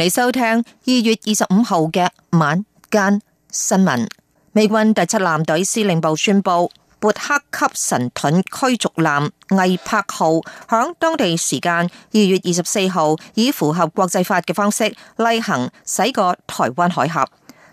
你收聽二月二十五號嘅晚間新聞。美軍第七艦隊司令部宣佈，勃克級神盾驅逐艦魏柏號響當地時間二月二十四號以符合國際法嘅方式例行駛過台灣海峽。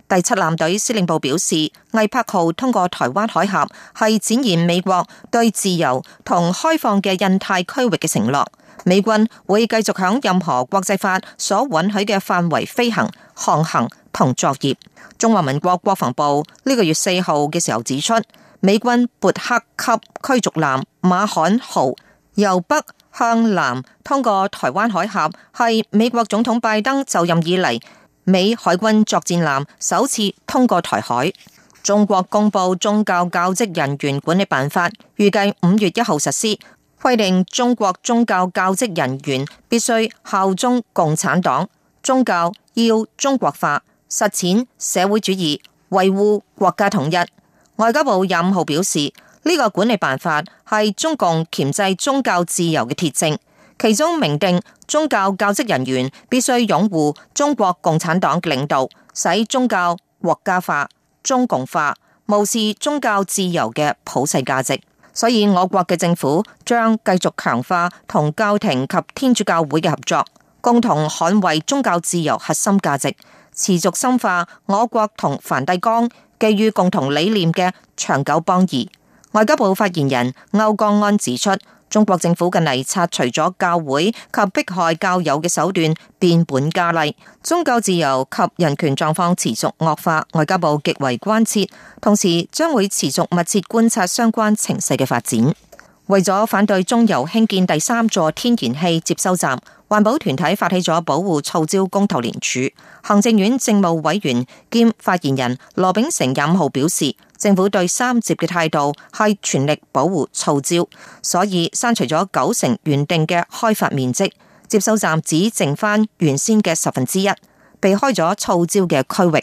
第七艦隊司令部表示，魏柏號通過台灣海峽係展現美國對自由同開放嘅印太區域嘅承諾。美軍會繼續響任何國際法所允許嘅範圍飛行、航行同作業。中華民國國防部呢個月四號嘅時候指出，美軍勃克級驅逐艦馬罕號由北向南通過台灣海峽，係美國總統拜登就任以嚟美海軍作戰艦首次通過台海。中國公布宗教教職人員管理辦法，預計五月一號實施。規定中國宗教教職人員必須效忠共產黨，宗教要中國化，實踐社會主義，維護國家統一。外交部廿五號表示，呢、這個管理辦法係中共鉗制宗教自由嘅鐵證，其中明定宗教教職人員必須擁護中國共產黨嘅領導，使宗教國家化、中共化，無視宗教自由嘅普世價值。所以，我國嘅政府將繼續強化同教廷及天主教會嘅合作，共同捍衛宗教自由核心價值，持續深化我國同梵蒂岡基於共同理念嘅長久邦誼。外交部發言人歐江安指出。中國政府近嚟拆除咗教會及迫害教友嘅手段，變本加厲，宗教自由及人權狀況持續惡化，外交部極為關切，同時將會持續密切觀察相關情勢嘅發展。為咗反對中油興建第三座天然氣接收站。環保團體發起咗保護藻礁公投連署，行政院政務委員兼發言人羅秉成廿五號表示，政府對三接嘅態度係全力保護藻礁，所以刪除咗九成原定嘅開發面積，接收站只剩翻原先嘅十分之一，避開咗藻礁嘅區域。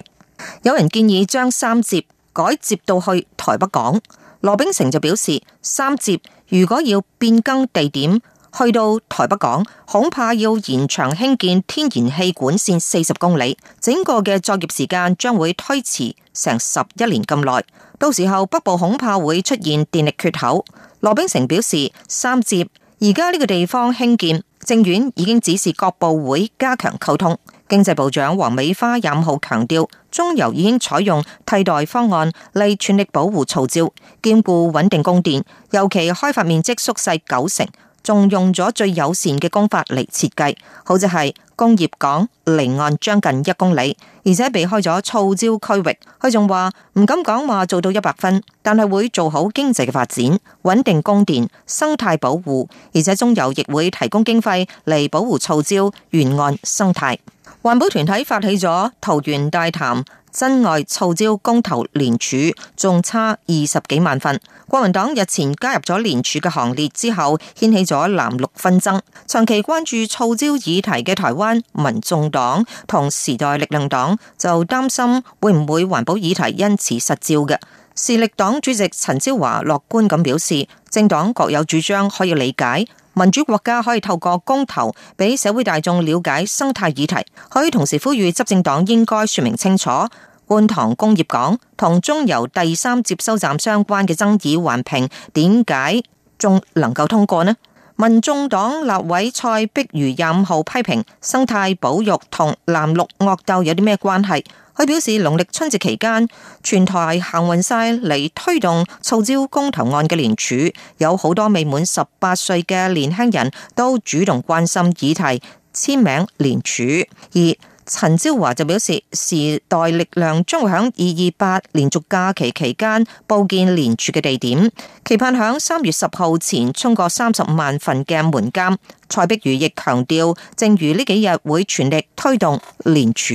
有人建議將三接改接到去台北港，羅秉成就表示，三接如果要變更地點。去到台北港，恐怕要延長興建天然氣管線四十公里，整個嘅作業時間將會推遲成十一年咁耐。到時候北部恐怕會出現電力缺口。羅秉成表示，三接而家呢個地方興建，政院已經指示各部會加強溝通。經濟部長王美花廿五號強調，中油已經採用替代方案，嚟全力保護藻礁，兼顧穩定供電，尤其開發面積縮細九成。仲用咗最友善嘅工法嚟設計，好似係工業港離岸將近一公里，而且避開咗藻礁區域。佢仲話唔敢講話做到一百分，但係會做好經濟嘅發展、穩定供電、生態保護，而且中油亦會提供經費嚟保護藻礁沿岸生態。環保團體發起咗桃園大潭。真愛藻礁公投聯署仲差二十幾萬份，國民黨日前加入咗連署嘅行列之後，掀起咗藍綠紛爭。長期關注藻礁議題嘅台灣民眾黨、同時代力量黨就擔心會唔會環保議題因此失焦嘅。時力黨主席陳椒華樂觀咁表示：政黨各有主張可以理解，民主國家可以透過公投俾社會大眾了解生態議題，可以同時呼籲執政黨應該説明清楚。觀塘工業港同中油第三接收站相關嘅爭議環評，點解仲能夠通過呢？民眾黨立委蔡壁如廿五號批評生態保育同藍綠惡鬥有啲咩關係？佢表示農曆春節期間，全台行匀晒嚟推動藻礁公投案嘅聯署，有好多未滿十八歲嘅年輕人都主動關心議題，簽名聯署二。而陳椒華就表示，時代力量將會喺二二八連續假期期間布建連署嘅地點，期盼響三月十號前衝過三十五萬份嘅門監。蔡壁如亦強調，正如呢幾日會全力推動連署。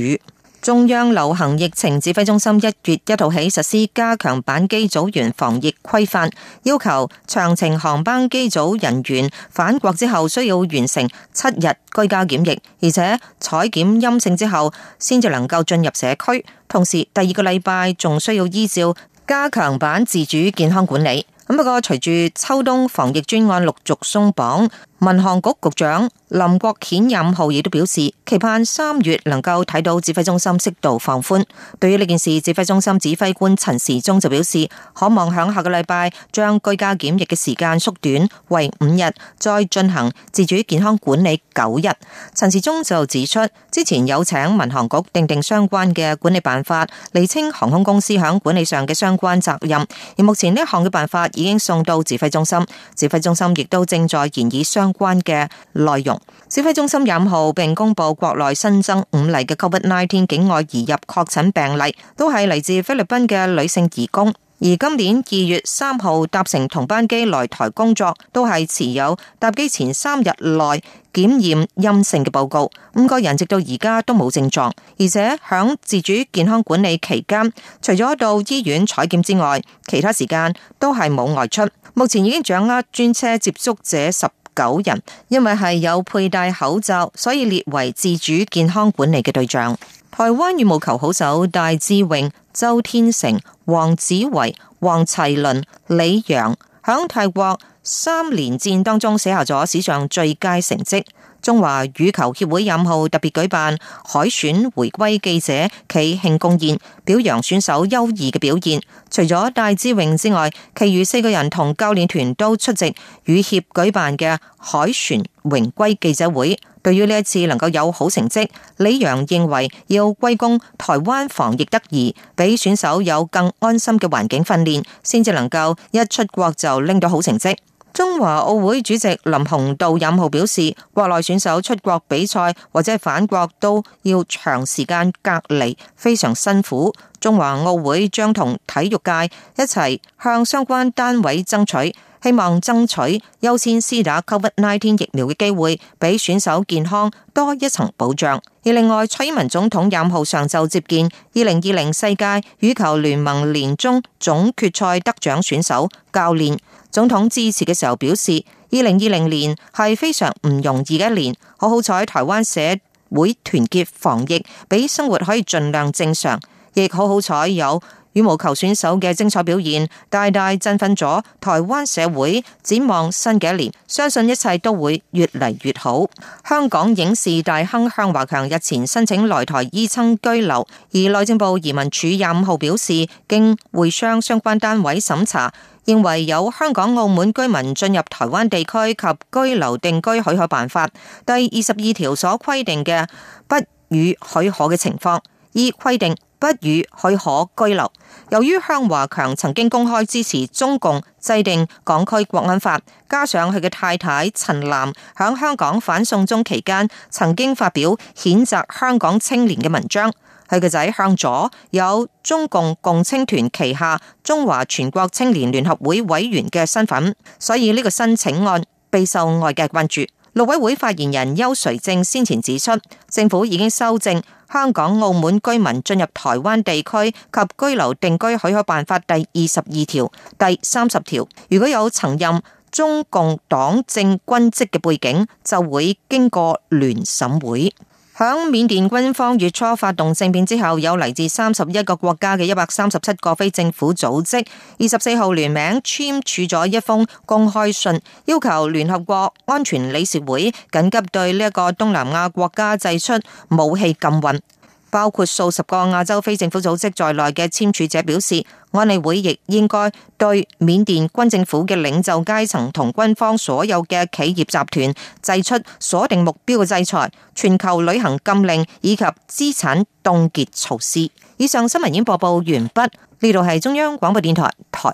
中央流行疫情指揮中心一月一號起實施加強版機組員防疫規範，要求長程航班機組人員返國之後需要完成七日居家檢疫，而且採檢陰性之後先至能夠進入社區。同時第二個禮拜仲需要依照加強版自主健康管理。咁不過隨住秋冬防疫專案陸續鬆綁。民航局局長林國顯任浩亦都表示，期盼三月能夠睇到指揮中心適度放寬。對於呢件事，指揮中心指揮官陳時中就表示，可望響下個禮拜將居家檢疫嘅時間縮短為五日，再進行自主健康管理九日。陳時中就指出，之前有請民航局訂定，定相關嘅管理辦法，釐清航空公司響管理上嘅相關責任。而目前呢一項嘅辦法已經送到指揮中心，指揮中心亦都正在研議相關關嘅內容，指揮中心廿五號並公布國內新增五例嘅 COVID nineteen 境外移入確診病例，都係嚟自菲律賓嘅女性移工。而今年二月三號搭乘同班機來台工作，都係持有搭機前三日內檢驗陰性嘅報告。五個人直到而家都冇症狀，而且響自主健康管理期間，除咗到醫院採檢之外，其他時間都係冇外出。目前已經掌握專車接觸者十。九人，因為係有佩戴口罩，所以列為自主健康管理嘅對象。台灣羽毛球好手戴資穎、周天成、王子維、王齊麟、李洋，響泰國三連戰當中寫下咗史上最佳成績。中華羽球協會任號特別舉辦海選回歸記者暨慶功宴，表揚選手優異嘅表現。除咗戴資穎之外，其餘四個人同教練團都出席羽協舉辦嘅海選榮歸記者會。對於呢一次能夠有好成績，李洋認為要歸功台灣防疫得宜，俾選手有更安心嘅環境訓練，先至能夠一出國就拎到好成績。中華奧會主席林鴻道任後表示，國內選手出國比賽或者係返國都要長時間隔離，非常辛苦。中華奧會將同體育界一齊向相關單位爭取，希望爭取優先施打 COVID-19 疫苗嘅機會，俾選手健康多一層保障。而另外，蔡英文總統任後上晝接見二零二零世界羽球聯盟年終總決賽得獎選手教練。總統致辭嘅時候表示，二零二零年係非常唔容易嘅一年，好好彩台灣社會團結防疫，畀生活可以盡量正常，亦好好彩有羽毛球選手嘅精彩表現大大振奮咗台灣社會，展望新嘅一年，相信一切都會越嚟越好。香港影視大亨向華強日前申請來台依親居留，而內政部移民署廿五號表示，經會商相關單位審查，認為有香港、澳門居民進入台灣地區及居留定居許可辦法第二十二條所規定嘅不予許可嘅情況，依規定。不予許可居留。由於向華強曾經公開支持中共制定港區國安法，加上佢嘅太太陳嵐響香港反送中期間曾經發表譴責香港青年嘅文章，佢嘅仔向佐有中共共青團旗下中華全國青年聯合會委員嘅身份，所以呢個申請案備受外界關注。陸委會發言人邱垂正先前指出，政府已經修正《香港澳門居民進入台灣地區及居留定居許可辦法》第二十二條、第三十條，如果有曾任中共黨政軍職嘅背景，就會經過聯審會。喺緬甸軍方月初發動政變之後，有嚟自三十一個國家嘅一百三十七個非政府組織，二十四號聯名簽署咗一封公開信，要求聯合國安全理事會緊急對呢一個東南亞國家祭出武器禁運。包括數十個亞洲非政府組織在內嘅簽署者表示，安理會亦應該對緬甸軍政府嘅領袖階層同軍方所有嘅企業集團，祭出鎖定目標嘅制裁、全球旅行禁令以及資產凍結措施。以上新聞已經播報完畢，呢度係中央廣播電台台。